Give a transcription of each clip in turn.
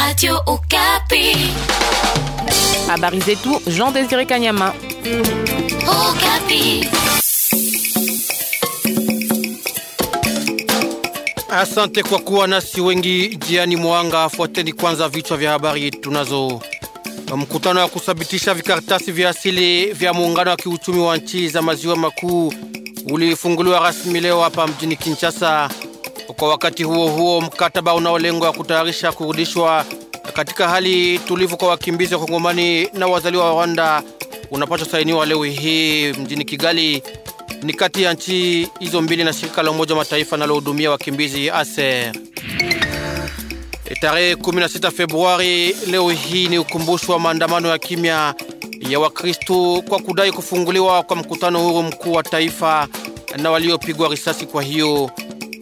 Radio Okapi. Habari zetu Jean Désiré Kanyama. Okapi. Asante kwa kuwa nasi wengi jiani mwanga. Fuateni kwanza vichwa vya habari tunazo. Mkutano wa kusabitisha vikaratasi vya asili vya muungano wa kiuchumi wa nchi za maziwa makuu ulifunguliwa rasmi leo hapa mjini Kinshasa. Kwa wakati huo huo, mkataba unaolengwa kutayarisha kurudishwa katika hali tulivu kwa wakimbizi wa Kongomani na wazaliwa wa Rwanda unapaswa sainiwa leo hii mjini Kigali, ni kati ya nchi hizo mbili na shirika la Umoja wa Mataifa linalohudumia wakimbizi ASER. E, tarehe 16 Februari, leo hii ni ukumbusho wa maandamano ya kimya ya Wakristu kwa kudai kufunguliwa kwa mkutano huru mkuu wa taifa na waliopigwa risasi. Kwa hiyo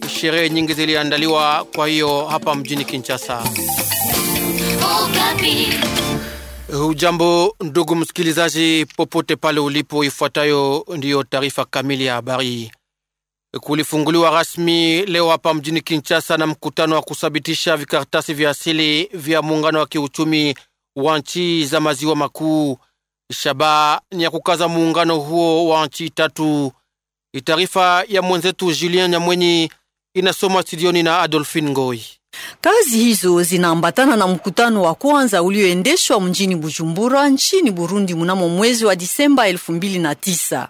sherehe nyingi ziliandaliwa kwa hiyo hapa mjini Kinshasa. Hujambo ndugu msikilizaji, popote pale ulipo, ifuatayo ndiyo taarifa kamili ya habari. Kulifunguliwa rasmi leo hapa mjini Kinshasa na mkutano wa kusabitisha vikaratasi vya asili vya muungano wa kiuchumi wa nchi za maziwa makuu. Shabaha ni ya kukaza muungano huo wa nchi tatu. Taarifa ya mwenzetu Julien Nyamwenyi inasomwa studioni na Adolfin Ngoi. Kazi hizo zinaambatana na mkutano wa kwanza ulioendeshwa mjini Bujumbura nchini Burundi mnamo mwezi wa Disemba elfu mbili na tisa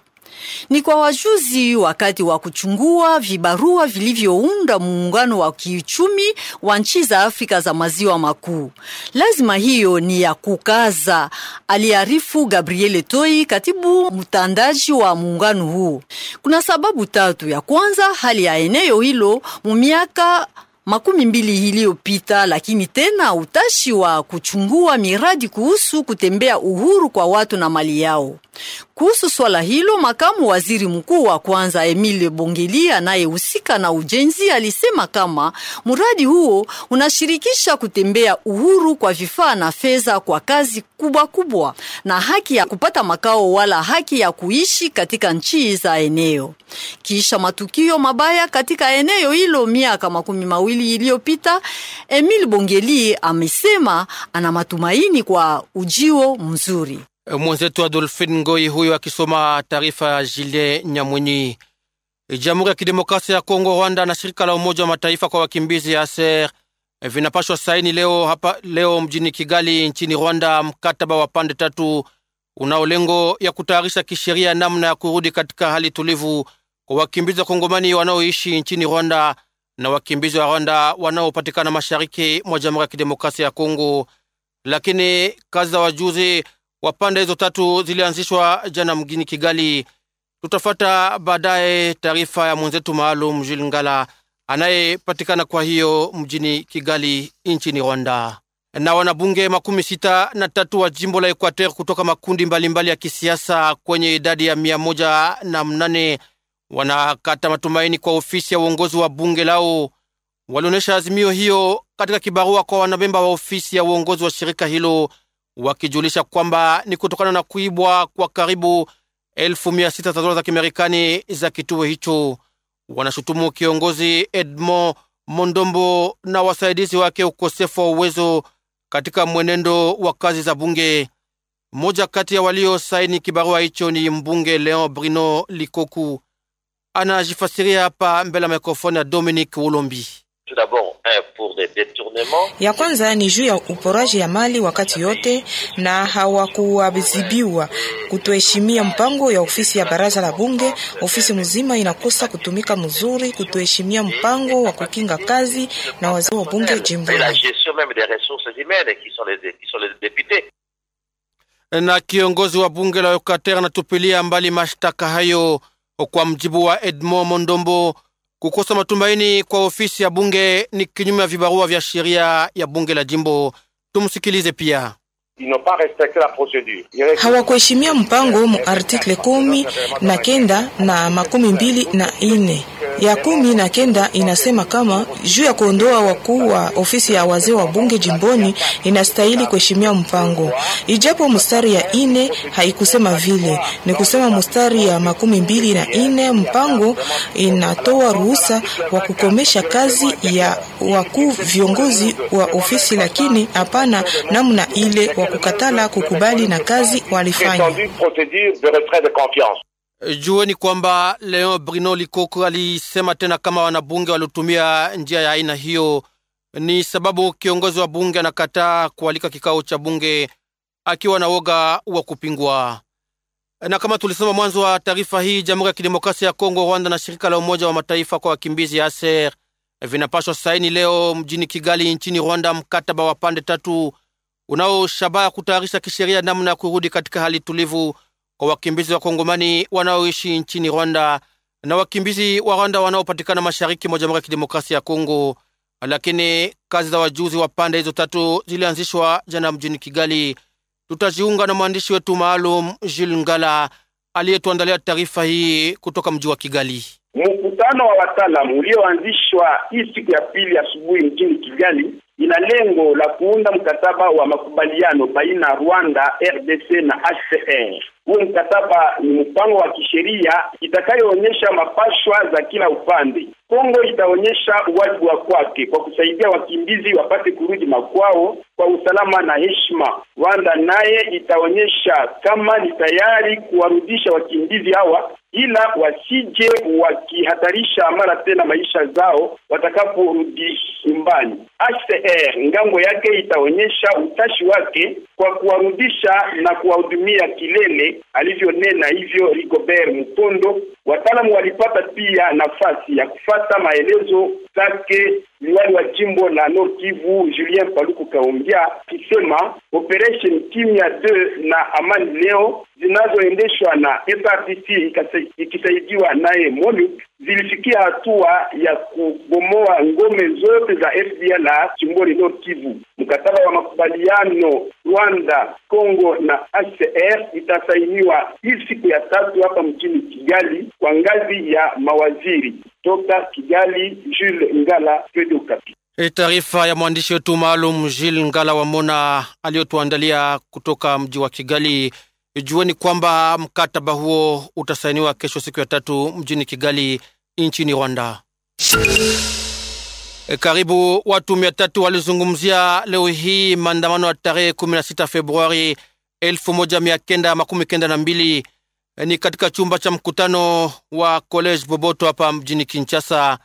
ni kwa wajuzi wakati wa kuchungua vibarua vilivyounda muungano wa kiuchumi wa nchi za Afrika za maziwa makuu. Lazima hiyo ni ya kukaza, aliarifu Gabriele Toi, katibu mtandaji wa muungano huo Kuna sababu tatu. Ya kwanza, hali ya eneo hilo mu miaka makumi mbili iliyopita, lakini tena utashi wa kuchungua miradi kuhusu kutembea uhuru kwa watu na mali yao. Kuhusu swala hilo, makamu waziri mkuu wa kwanza Emile Bongeli anayehusika na ujenzi alisema kama mradi huo unashirikisha kutembea uhuru kwa vifaa na fedha kwa kazi kubwa kubwa na haki ya kupata makao wala haki ya kuishi katika nchi za eneo. Kisha matukio mabaya katika eneo hilo miaka makumi mawili iliyopita, Emile Bongeli amesema ana matumaini kwa ujio mzuri. Mwenzetu Adolfin Ngoi huyo akisoma taarifa ya Jile Nyamwinyi. Jamhuri ya Kidemokrasia ya Kongo, Rwanda na shirika la Umoja wa Mataifa kwa wakimbizi ASER vinapashwa saini leo, hapa, leo mjini Kigali nchini Rwanda mkataba wa pande tatu unao lengo ya kutayarisha kisheria namna ya kurudi katika hali tulivu kwa wakimbizi wa Kongomani wanaoishi nchini Rwanda na wakimbizi wa Rwanda wanaopatikana mashariki mwa Jamhuri ya Kidemokrasia ya Kongo, lakini kazi za wajuzi wa pande hizo tatu zilianzishwa jana mjini Kigali. Tutafata baadaye taarifa ya mwenzetu maalum Jules Ngala anayepatikana kwa hiyo mjini Kigali nchini Rwanda. Na wanabunge makumi sita na tatu wa jimbo la Equateur kutoka makundi mbalimbali mbali ya kisiasa kwenye idadi ya mia moja na mnane wanakata matumaini kwa ofisi ya uongozi wa bunge lao. Walionyesha azimio hiyo katika kibarua kwa wanamemba wa ofisi ya uongozi wa shirika hilo wakijulisha kwamba ni kutokana na kuibwa kwa karibu elfu mia sita za dola za Kimarekani za kituo hicho. Wanashutumu kiongozi Edmond Mondombo na wasaidizi wake ukosefu wa uwezo katika mwenendo wa kazi za bunge. Mmoja kati ya waliosaini kibarua hicho ni mbunge Leon Bruno Likoku, anajifasiria hapa mbele ya mikrofoni ya Dominic Ulombi. Ya kwanza ni juu ya uporaji ya mali wakati yote, na hawakuadhibiwa kutoheshimia mpango ya ofisi ya baraza la bunge. Ofisi mzima inakosa kutumika mzuri, kutoheshimia mpango wa kukinga kazi na wazee wa bunge jimboni na kiongozi wa bunge la Ekater anatupilia mbali mashtaka hayo, kwa mjibu wa Edmond Mondombo. Kukosa matumaini kwa ofisi ya bunge ni kinyume ya vibarua vya sheria ya bunge la jimbo. Tumsikilize pia. Hawakuheshimia mpango mu artikle kumi na kenda na makumi mbili na ine ya kumi na kenda inasema kama juu ya kuondoa wakuu wa ofisi ya wazee wa bunge jimboni inastahili kuheshimia mpango, ijapo mstari ya ine haikusema vile. Ni kusema mstari ya makumi mbili na ine mpango inatoa ruhusa wa kukomesha kazi ya wakuu viongozi wa ofisi, lakini hapana namna ile wa kukatala kukubali na kazi walifanya. Jueni kwamba Leon Brino Likoko alisema tena kama wanabunge waliotumia njia ya aina hiyo ni sababu kiongozi wa bunge anakataa kualika kikao cha bunge akiwa na woga wa kupingwa. Na kama tulisema mwanzo wa taarifa hii, Jamhuri ya Kidemokrasia ya Kongo, Rwanda na shirika la Umoja wa Mataifa kwa wakimbizi ASER vinapashwa saini leo mjini Kigali nchini Rwanda mkataba wa pande tatu unao shabaha kutayarisha kisheria namna ya kurudi katika hali tulivu kwa wakimbizi wa Kongomani wanaoishi nchini Rwanda na wakimbizi wa Rwanda wanaopatikana mashariki mwa Jamhuri ya Kidemokrasia ya Kongo. Lakini kazi za wajuzi wa pande hizo tatu zilianzishwa jana mjini Kigali. Tutajiunga na mwandishi wetu maalum Jules Ngala aliyetuandalia taarifa hii kutoka mji wa Kigali. Mkutano wa wataalamu ulioanzishwa hii siku ya pili asubuhi mjini Kigali ina lengo la kuunda mkataba wa makubaliano baina ya Rwanda, RDC na HCR huu mkataba ni mpango wa kisheria itakayoonyesha mapashwa za kila upande. Kongo itaonyesha uwajibu wa kwake kwa kusaidia wakimbizi wapate kurudi makwao kwa usalama na heshima. Rwanda naye itaonyesha kama ni tayari kuwarudisha wakimbizi hawa ila wasije wakihatarisha mara tena maisha zao watakaporudi nyumbani. HCR ngambo yake itaonyesha utashi wake kwa kuwarudisha na kuwahudumia kilele alivyonena hivyo Rigobert Mukondo, Wataalamu walipata pia nafasi ya kufata maelezo zake liwali wa jimbo la Nord Kivu Julien Paluku Kaongea akisema operation Kimya 2 na Amani leo zinazoendeshwa na FRDC ikisaidiwa naye MONUC zilifikia hatua ya kubomoa ngome zote za FDLR jimboni Nord Kivu. Mkataba wa makubaliano Rwanda, Congo na HCR itasainiwa hii siku ya tatu hapa mjini Kigali kwa ngazi ya mawaziri. Toka Kigali, Jules Ngala, Radio Okapi. E, taarifa ya mwandishi wetu maalum Jules Ngala Wamona aliyotuandalia kutoka mji wa Kigali. Jueni kwamba mkataba huo utasainiwa kesho siku ya tatu mjini Kigali nchini Rwanda. E, karibu watu mia tatu walizungumzia leo hii maandamano ya tarehe 16 Februari 1992 e, ni katika chumba cha mkutano wa College Boboto hapa mjini Kinshasa.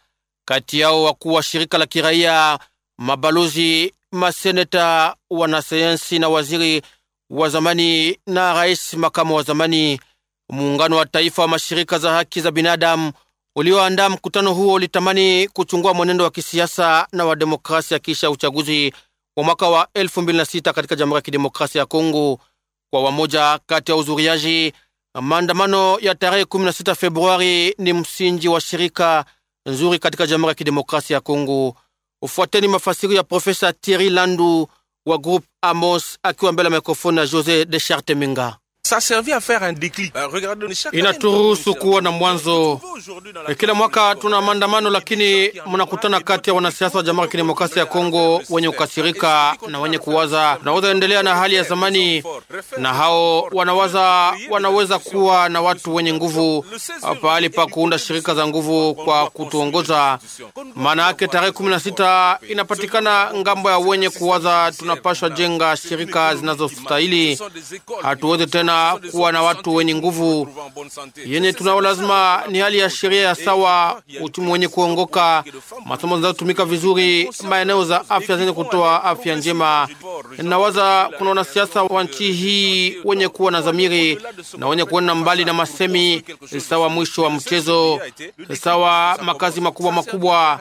Kati yao wakuu wa shirika la kiraia, mabalozi, maseneta, wanasayansi na waziri wa zamani na rais makamu wa zamani. Muungano wa taifa wa mashirika za haki za binadamu ulioandaa mkutano huo ulitamani kuchungua mwenendo wa kisiasa na wa demokrasia kisha uchaguzi wa mwaka wa 2006 katika Jamhuri ya Kidemokrasia ya Kongo. Kwa wamoja kati ya uzuriaji, maandamano ya tarehe 16 Februari ni msingi wa shirika nzuri katika Jamhuri ya Kidemokrasia ya Kongo. Ufuateni mafasiri ya Profesa Thierry Landu wa Groupe Amos akiwa mbele ya mikrofoni na Jose de minga Euh, inaturuhusu kuwa na mwanzo. Kila mwaka tuna maandamano, lakini mnakutana kati ya wanasiasa wa Jamhuri ya Kidemokrasia ya Kongo wenye kukasirika na wenye kuwaza tunaweza endelea na hali ya zamani, na hao wanawaza wanaweza kuwa na watu wenye nguvu pahali pa kuunda shirika za nguvu kwa kutuongoza. Maana yake tarehe kumi na sita inapatikana ngambo ya wenye kuwaza, tunapashwa jenga shirika zinazostahili. Hatuwezi tena sana kuwa na watu wenye nguvu yenye tunao lazima ni hali ya sheria ya sawa, uchumi wenye kuongoka, masomo zinazotumika vizuri, maeneo za afya zenye kutoa afya njema, Nawaza kuna wanasiasa wa nchi hii wenye kuwa na dhamiri na wenye kuona mbali na masemi sawa, mwisho wa mchezo sawa, makazi makubwa makubwa,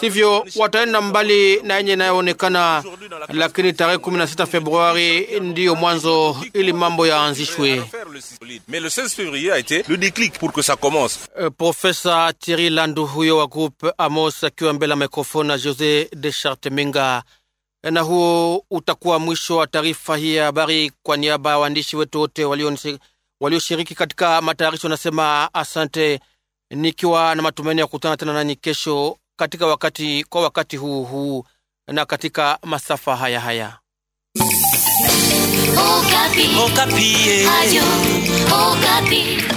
sivyo? Wataenda mbali na yenye inayoonekana, lakini tarehe 16 Februari ndiyo mwanzo ili mambo yaanzishwe. Euh, Profesa Thierry Landu huyo wa groupe Amos akiwa mbele ya mikrofoni na Jose minga na huo utakuwa mwisho wa taarifa hii ya habari. Kwa niaba ya waandishi wetu wote walioshiriki katika matayarisho, nasema asante, nikiwa na matumaini ya kukutana tena nanyi kesho katika wakati kwa wakati huu huu na katika masafa haya haya. Okapi. Okapi. Okapi.